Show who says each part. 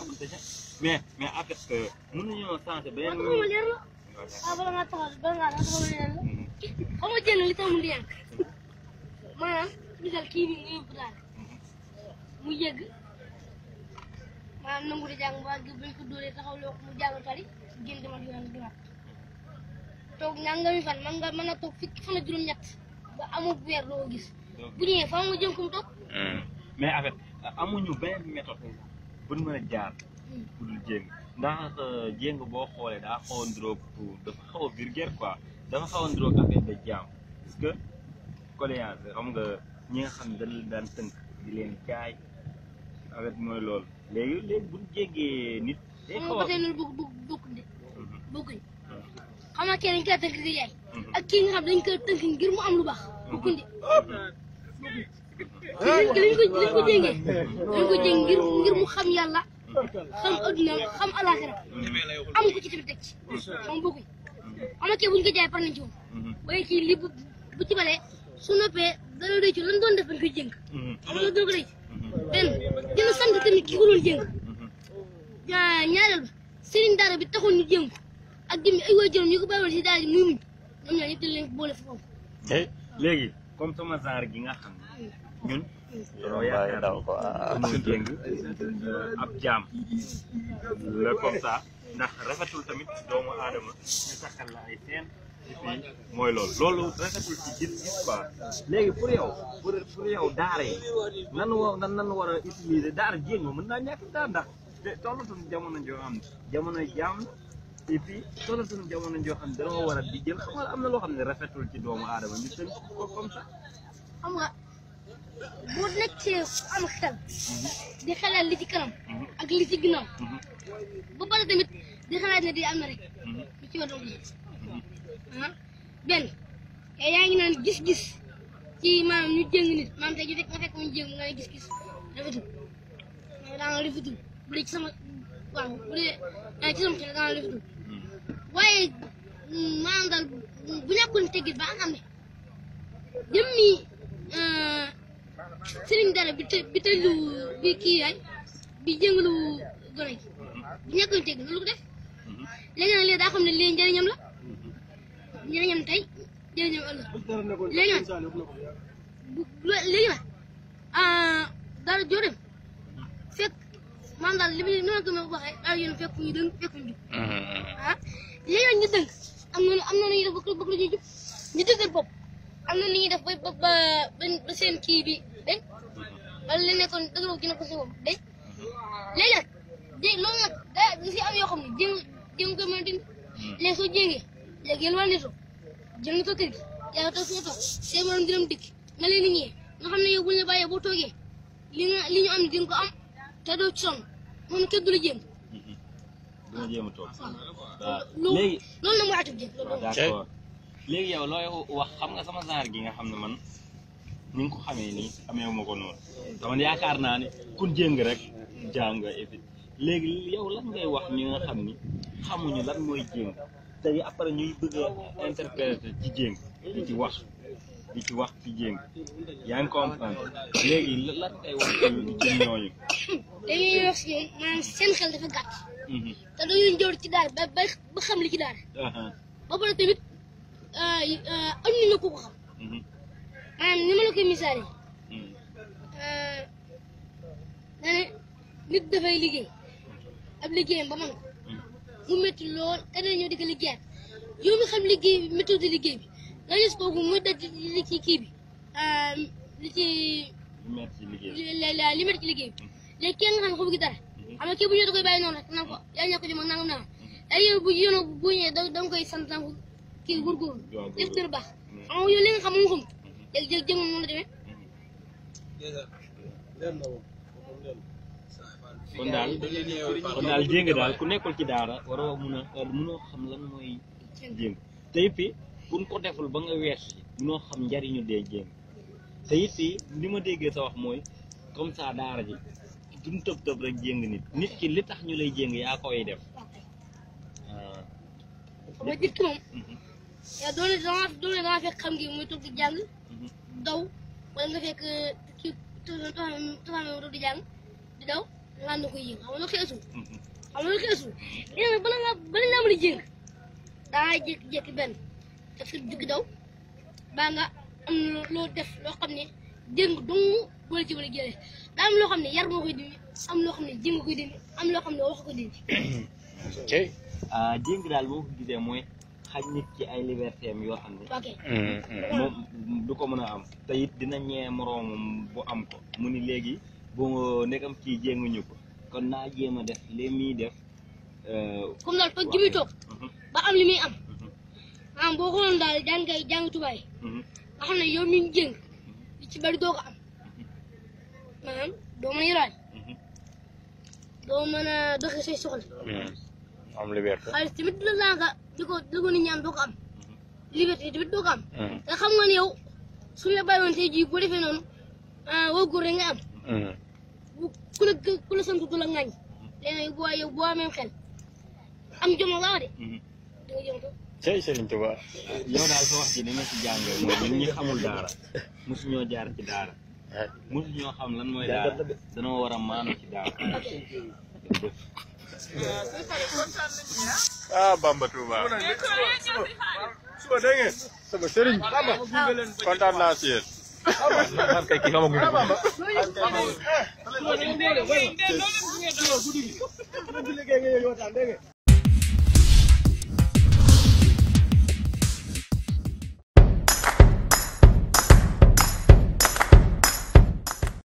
Speaker 1: waaw man déjà mais mais en fait mën nañoo changé benn. ma leer la.
Speaker 2: waaw bala ngaa taxaw bala ngaa taxaw leer la. xaw ma jënd li tax mu yàgg
Speaker 1: maanaam di jàng ba
Speaker 2: gi man a toog fukki fan ak juróom-ñett ba amul weer loo gis bu ñëwee fan mu jëm mu toog.
Speaker 1: mais en amuñu benn méthode. buñ mën a jaar hmm. pour lu jéng ndax euh, jéng boo xoolee daa xaw a ndróog dafa xaw a vulgaire quoi dafa xaw a ndróog affaire de jaam parce que colléance xam nga ñi nga xam ne dañ daan tënk di leen jaay avec mooy loolu léegi léegi buñ jéggee nit day hmm, xaw a
Speaker 2: bokk hmm. xam ak kii nga xam dañ ko tënk ngir mu am lu baax bokkuñ de te dañ ko jéngee dañ ko jéng ngir mu xam yàlla xam adduna xam alaxira am ko ci tamit teg ci moom bokkuñ ama kee buñ par nañ ci moom li bu ci balee su noppee dana rëccu lan doon def dañ koy jéng am na doog ñaareel ba daara bi taxoon ñu jéng ay waajuram ñu ko bàyyiwoon si daara muy muñ ñoom ñaar ñëpp dañ leen boole foofu
Speaker 1: eh, léegi comme sama genre gi nga xam ñun dañoo yaakaar ne mu jéng ab jaam la comme ça ndax rafetul tamit doomu aadama ñu takkal la ay teen et mooy loolu loolu rafetul ci gis-gis léegi pour yow pour pour yow daara yi nan wa nan nan war a utiliser daara jéng mën naa ñàkk daara ndax te tollatuñu jamono joo xam ne jamono jaam et puis jamono joo xam ne dañoo war a di jël am na loo xam ne rafetul ci doomu aadama ñu tënk
Speaker 2: ko comme xam bu nekkee ku am xel di xelal li ci kanam ak li ci ginnaaw ba pare tamit di xalaat ne di am na ci war a doon ah, benn yaa ngi naan gis-gis ci maanaam ñu jéng nit maanaam tey ju fekk nga fekk mu jéng nga ne gis-gis rafetul daanaka ah, rafetul waaye mm, maanaam daal bu nekkoon teggit ba xam ne jëmmi. sëriñ dara bi të bi tëjlu bi kii yaay bi jëngalu gone gi bu ñàkkoon teg loolu ko def
Speaker 1: mhm. léegi nag léegi daa xam ne léegi njëriñam la
Speaker 2: njëriñam tey njëriñam ëllëg léegi nag léegi nag ah, daal jóoreem fekk maam daal li muy noonu ko daal yéen fekk ñu dëng fekk ñu jub mhm. ah léegi ñu dëng am na am def ba bëgg ñu def ba seen kii bi la a ko léegi nag jéeg loolu si am yoo xam ne ko mën a dindi hmm. léegi soo jéegee léegi yéen nga toog kër gi yaa ngi toog sama nga leen nga xam ne yow bu ñu boo toogee
Speaker 1: li nga am di nga
Speaker 2: am te doo ci sonn moom kenn du la jéem.
Speaker 1: dina jéem a toog waaw ah. ah. léegi loolu ah, looy wax xam nga sama genre gi nga xam ne man. ñu ngi ko xamee nii amee ma ko noonu kon yaakaar naa ne ku jéng rek jaam nga évite léegi yow lan wax ñi nga xam ni xamuñu lan mooy jéng tey après ñuy bëgg ci wax di ci wax ci ngi comprendre léegi lan ngay wax ci ñooñu.
Speaker 2: dañuy wax si maanaam seen xel dafa gàtt. Mhm. te dañuy njóor ci daal ba ba xam li ci daal. Uh-huh. ba pare tamit euh, euh, am nañu ko ko xam. Mhm. ki misaale hmm. nit dafay liggéey ab liggéeyam ba man hmm. mu métti lool keneen ñëw di ko liggéeyaat yow mi xam liggéey bi méthode liggéey bi nga gis kooku muy daj li ci kii bi li ci hmm. xam ne gi dara xam nga bu ñëw da koy noonu rek naan yaa ñàkk ji ma nangam ay bu yono bu ñëwee koy sant naan ko kii wurgóorlu def dër baax xam nga yow li jëg jëg jëg moom la demee. kon daal kon daal jéng daal ku nekkul ci
Speaker 1: daara waroo mun a euh, munoo xam lan mooy jéng te it fi ko deful ba nga wees munoo xam njariñu dee jéng te it li ma déggee sa wax mooy comme sa daara ji duñ tëb tëb rek jéng nit nit ki li tax ñu lay jéng yaa koy def. waaw. Euh,
Speaker 2: xam nga ki moom. Mhm. yaa doole fekk xam ngi muy toog di jàng. daw wala nga fekk kii tuxaam tuxaam moom di jàng di daw nga ànd ko yéeg xam nga loolu xeesul. Mm-hmm. xam nga loolu xeesul léegi nag bala ngaa bala ngaa mën a jéng daa jékki-jékki benn te fi jukki daw baa nga am loo def loo xam ne jéng dong wala ci wala jëlee daa am loo xam ne yar moo koy dindi am loo xam ne jéng koy dindi am loo xam ne wax ah, ko dindi.
Speaker 1: ok jéng daal xañ nit ci ay liberté yoo xam ne mm-hmm. moom du ko mën a am te dina ñee moroomam bu am ko mu ni léegi bu nekkam kii jénguñu ko kon naa jéem a def li muy def euh, comme daal fag gi toog
Speaker 2: ba am li muy am mm-hmm. am boo xooloon daal jàng ngay tubaay mm-hmm. nga xam ne yow mi jéng ci bari doo ko am maanaam doo mën a yoraay doo mën a doxi say soxla
Speaker 1: am liberté xaalis
Speaker 2: tamit dina laa nga li ko li ko nit ñi am doo ko am mm-hmm. liberté tamit doo am mm-hmm. te xam nga yow suñu la bàyyiwoon tey jii noonu ah, woo góor am mm-hmm. ku la ku la sant du la ŋàññ yow boo amee xel am jom waaw de
Speaker 1: da nga jom cey Serigne eh, daal sa wax ji li ma si jàngee mooy ñun ñi xamul daara mosuñoo jaar ci daara eh. mosuñoo xam lan mooy daara danoo war a ci daara ah Bamba Touba.
Speaker 2: suba dégg naa si
Speaker 1: yéen. man kay kii xamaguñ ko. man